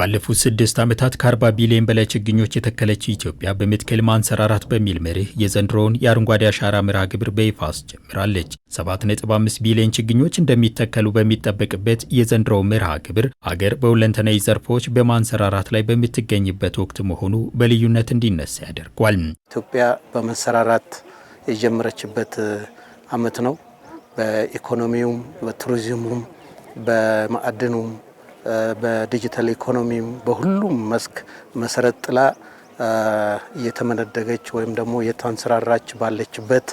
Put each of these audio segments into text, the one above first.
ባለፉት ስድስት ዓመታት ከ40 ቢሊዮን በላይ ችግኞች የተከለች ኢትዮጵያ በመትከል ማንሰራራት በሚል መርህ የዘንድሮውን የአረንጓዴ አሻራ መርሃ ግብር በይፋ አስጀምራለች። 7.5 ቢሊዮን ችግኞች እንደሚተከሉ በሚጠበቅበት የዘንድሮው መርሃ ግብር አገር በሁለንተናዊ ዘርፎች በማንሰራራት ላይ በምትገኝበት ወቅት መሆኑ በልዩነት እንዲነሳ ያደርጓል። ኢትዮጵያ በመንሰራራት የጀመረችበት ዓመት ነው። በኢኮኖሚውም፣ በቱሪዝሙም፣ በማዕድኑም በዲጂታል ኢኮኖሚ በሁሉም መስክ መሰረት ጥላ እየተመነደገች ወይም ደግሞ የተንሰራራች ባለችበት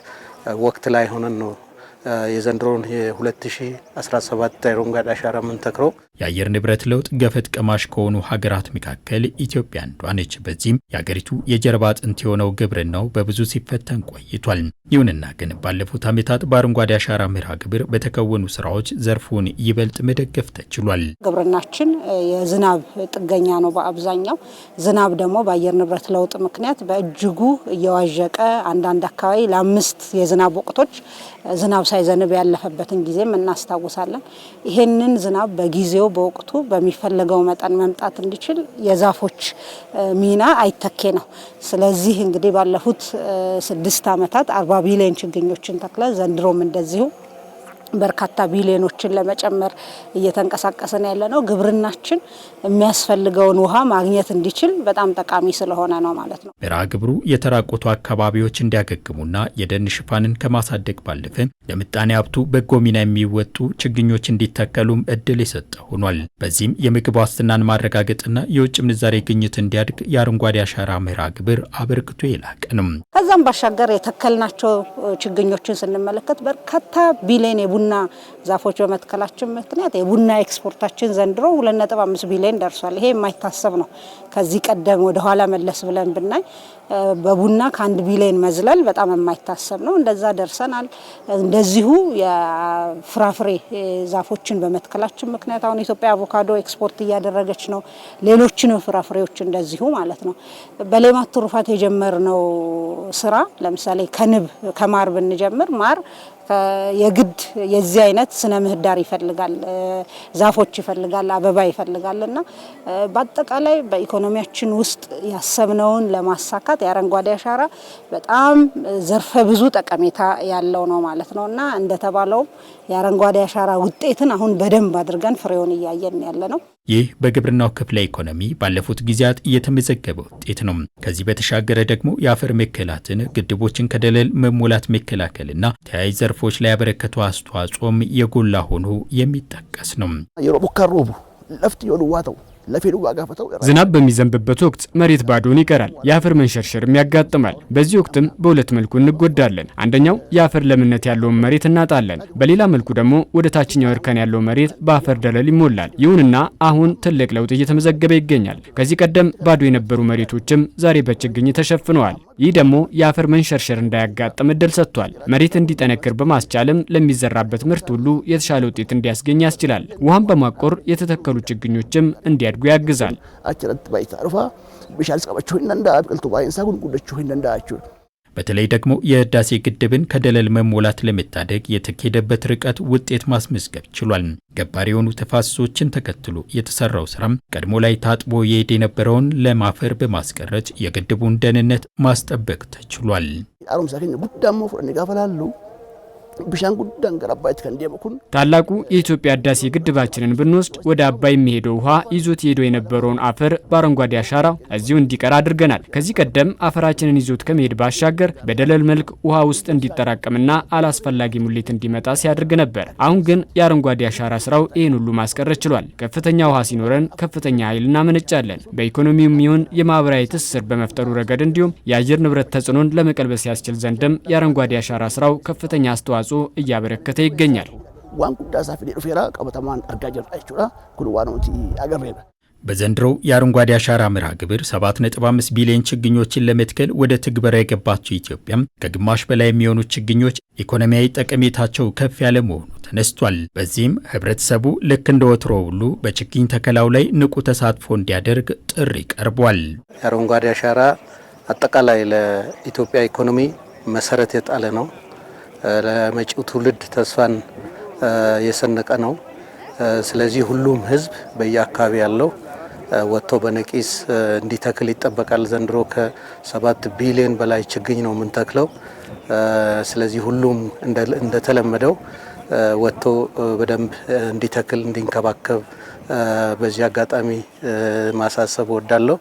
ወቅት ላይ ሆነን ነው የዘንድሮን የ2017 ሮንጋድ አሻራ ምንተክረው የአየር ንብረት ለውጥ ገፈት ቀማሽ ከሆኑ ሀገራት መካከል ኢትዮጵያ አንዷ ነች። በዚህም የአገሪቱ የጀርባ አጥንት የሆነው ግብርናው በብዙ ሲፈተን ቆይቷል። ይሁንና ግን ባለፉት ዓመታት በአረንጓዴ አሻራ መርሃ ግብር በተከወኑ ስራዎች ዘርፉን ይበልጥ መደገፍ ተችሏል። ግብርናችን የዝናብ ጥገኛ ነው በአብዛኛው። ዝናብ ደግሞ በአየር ንብረት ለውጥ ምክንያት በእጅጉ እየዋዠቀ አንዳንድ አካባቢ ለአምስት የዝናብ ወቅቶች ዝናብ ሳይዘንብ ያለፈበትን ጊዜም እናስታውሳለን። ይሄንን ዝናብ በጊዜው በወቅቱ በሚፈለገው መጠን መምጣት እንዲችል የዛፎች ሚና አይተኬ ነው። ስለዚህ እንግዲህ ባለፉት ስድስት ዓመታት አርባ ቢሊዮን ችግኞችን ተክለ ዘንድሮም እንደዚሁ በርካታ ቢሊዮኖችን ለመጨመር እየተንቀሳቀስን ያለ ነው። ግብርናችን የሚያስፈልገውን ውሃ ማግኘት እንዲችል በጣም ጠቃሚ ስለሆነ ነው ማለት ነው። መርሃ ግብሩ የተራቆቱ አካባቢዎች እንዲያገግሙና የደን ሽፋንን ከማሳደግ ባለፈ ለምጣኔ ሀብቱ በጎ ሚና የሚወጡ ችግኞች እንዲተከሉም እድል የሰጠ ሆኗል። በዚህም የምግብ ዋስትናን ማረጋገጥና የውጭ ምንዛሬ ግኝት እንዲያድግ የአረንጓዴ አሻራ መርሃ ግብር አበርክቶ የላቀ ነው። ከዛም ባሻገር የተከልናቸው ችግኞችን ስንመለከት በርካታ ቢሊዮን የቡና ዛፎች በመትከላችን ምክንያት የቡና ኤክስፖርታችን ዘንድሮ 2.5 ቢሊዮን ደርሷል። ይሄ የማይታሰብ ነው። ከዚህ ቀደም ወደኋላ መለስ ብለን ብናይ በቡና ከአንድ ቢሊዮን መዝለል በጣም የማይታሰብ ነው። እንደዛ ደርሰናል። እንደዚሁ የፍራፍሬ ዛፎችን በመትከላችን ምክንያት አሁን ኢትዮጵያ አቮካዶ ኤክስፖርት እያደረገች ነው። ሌሎችንም ፍራፍሬዎች እንደዚሁ ማለት ነው። በሌማት ትሩፋት የጀመርነው ስራ ለምሳሌ ከንብ ከማር ብንጀምር ማር የግድ የዚህ አይነት ስነ ምህዳር ይፈልጋል፣ ዛፎች ይፈልጋል፣ አበባ ይፈልጋል እና በአጠቃላይ በኢኮኖሚያችን ውስጥ ያሰብነውን ለማሳካት የአረንጓዴ አሻራ በጣም ዘርፈ ብዙ ጠቀሜታ ያለው ነው ማለት ነው እና እንደተባለውም የአረንጓዴ አሻራ ውጤትን አሁን በደንብ አድርገን ፍሬውን እያየን ያለ ነው። ይህ በግብርናው ክፍለ ኢኮኖሚ ባለፉት ጊዜያት እየተመዘገበ ውጤት ነው። ከዚህ በተሻገረ ደግሞ የአፈር መከላትን፣ ግድቦችን ከደለል መሞላት መከላከልና ተያያዥ ዘርፎች ላይ ያበረከተው አስተዋጽኦም የጎላ ሆኖ የሚጠቀስ ነው። ለፍት ለፌሉ ዝናብ በሚዘንብበት ወቅት መሬት ባዶን ይቀራል፣ የአፈር መንሸርሸርም ያጋጥማል። በዚህ ወቅትም በሁለት መልኩ እንጎዳለን። አንደኛው የአፈር ለምነት ያለውን መሬት እናጣለን፣ በሌላ መልኩ ደግሞ ወደ ታችኛው እርከን ያለው መሬት በአፈር ደለል ይሞላል። ይሁንና አሁን ትልቅ ለውጥ እየተመዘገበ ይገኛል። ከዚህ ቀደም ባዶ የነበሩ መሬቶችም ዛሬ በችግኝ ተሸፍነዋል። ይህ ደግሞ የአፈር መንሸርሸር እንዳያጋጥም እድል ሰጥቷል። መሬት እንዲጠነክር በማስቻልም ለሚዘራበት ምርት ሁሉ የተሻለ ውጤት እንዲያስገኝ ያስችላል። ውሃን በማቆር የተተከሉ ችግኞችም እንዲያድ እንዲያድጉ ያግዛል። ብሻል እንደ ባይንሳ ጉን በተለይ ደግሞ የህዳሴ ግድብን ከደለል መሞላት ለመታደግ የተኬደበት ርቀት ውጤት ማስመዝገብ ችሏል። ገባር የሆኑ ተፋሰሶችን ተከትሎ የተሰራው ስራም ቀድሞ ላይ ታጥቦ የሄድ የነበረውን ለማፈር በማስቀረት የግድቡን ደህንነት ማስጠበቅ ተችሏል። አሩም ብሻን ጉዳን ገራባይት ከንዴም ኩን ታላቁ የኢትዮጵያ ህዳሴ ግድባችንን ብንወስድ ወደ አባይ የሚሄደው ውሃ ይዞት ሄዶ የነበረውን አፈር በአረንጓዴ አሻራ እዚሁ እንዲቀር አድርገናል። ከዚህ ቀደም አፈራችንን ይዞት ከመሄድ ባሻገር በደለል መልክ ውሃ ውስጥ እንዲጠራቀምና አላስፈላጊ ሙሌት እንዲመጣ ሲያደርግ ነበር። አሁን ግን የአረንጓዴ አሻራ ስራው ይህን ሁሉ ማስቀረት ችሏል። ከፍተኛ ውሃ ሲኖረን ከፍተኛ ኃይል እናመነጫለን። በኢኮኖሚውም ይሁን የማህበራዊ ትስስር በመፍጠሩ ረገድ እንዲሁም የአየር ንብረት ተጽዕኖን ለመቀልበስ ያስችል ዘንድም የአረንጓዴ አሻራ ስራው ከፍተኛ አስተዋጽኦ አስተዋጽኦ እያበረከተ ይገኛል። ዋን ጉዳ ሳፊ ፌራ ቀበተማን አርጋ ኩልዋኖቲ አገሬበ በዘንድሮው የአረንጓዴ አሻራ መርሃ ግብር 7.5 ቢሊዮን ችግኞችን ለመትከል ወደ ትግበራ የገባቸው ኢትዮጵያም ከግማሽ በላይ የሚሆኑ ችግኞች ኢኮኖሚያዊ ጠቀሜታቸው ከፍ ያለ መሆኑ ተነስቷል። በዚህም ህብረተሰቡ ልክ እንደ ወትሮ ሁሉ በችግኝ ተከላው ላይ ንቁ ተሳትፎ እንዲያደርግ ጥሪ ቀርቧል። የአረንጓዴ አሻራ አጠቃላይ ለኢትዮጵያ ኢኮኖሚ መሰረት የጣለ ነው። ለመጪው ትውልድ ተስፋን የሰነቀ ነው። ስለዚህ ሁሉም ህዝብ በየአካባቢ ያለው ወጥቶ በነቂስ እንዲተክል ይጠበቃል። ዘንድሮ ከሰባት ቢሊዮን በላይ ችግኝ ነው የምንተክለው። ስለዚህ ሁሉም እንደተለመደው ወጥቶ በደንብ እንዲተክል እንዲንከባከብ በዚህ አጋጣሚ ማሳሰብ እወዳለሁ።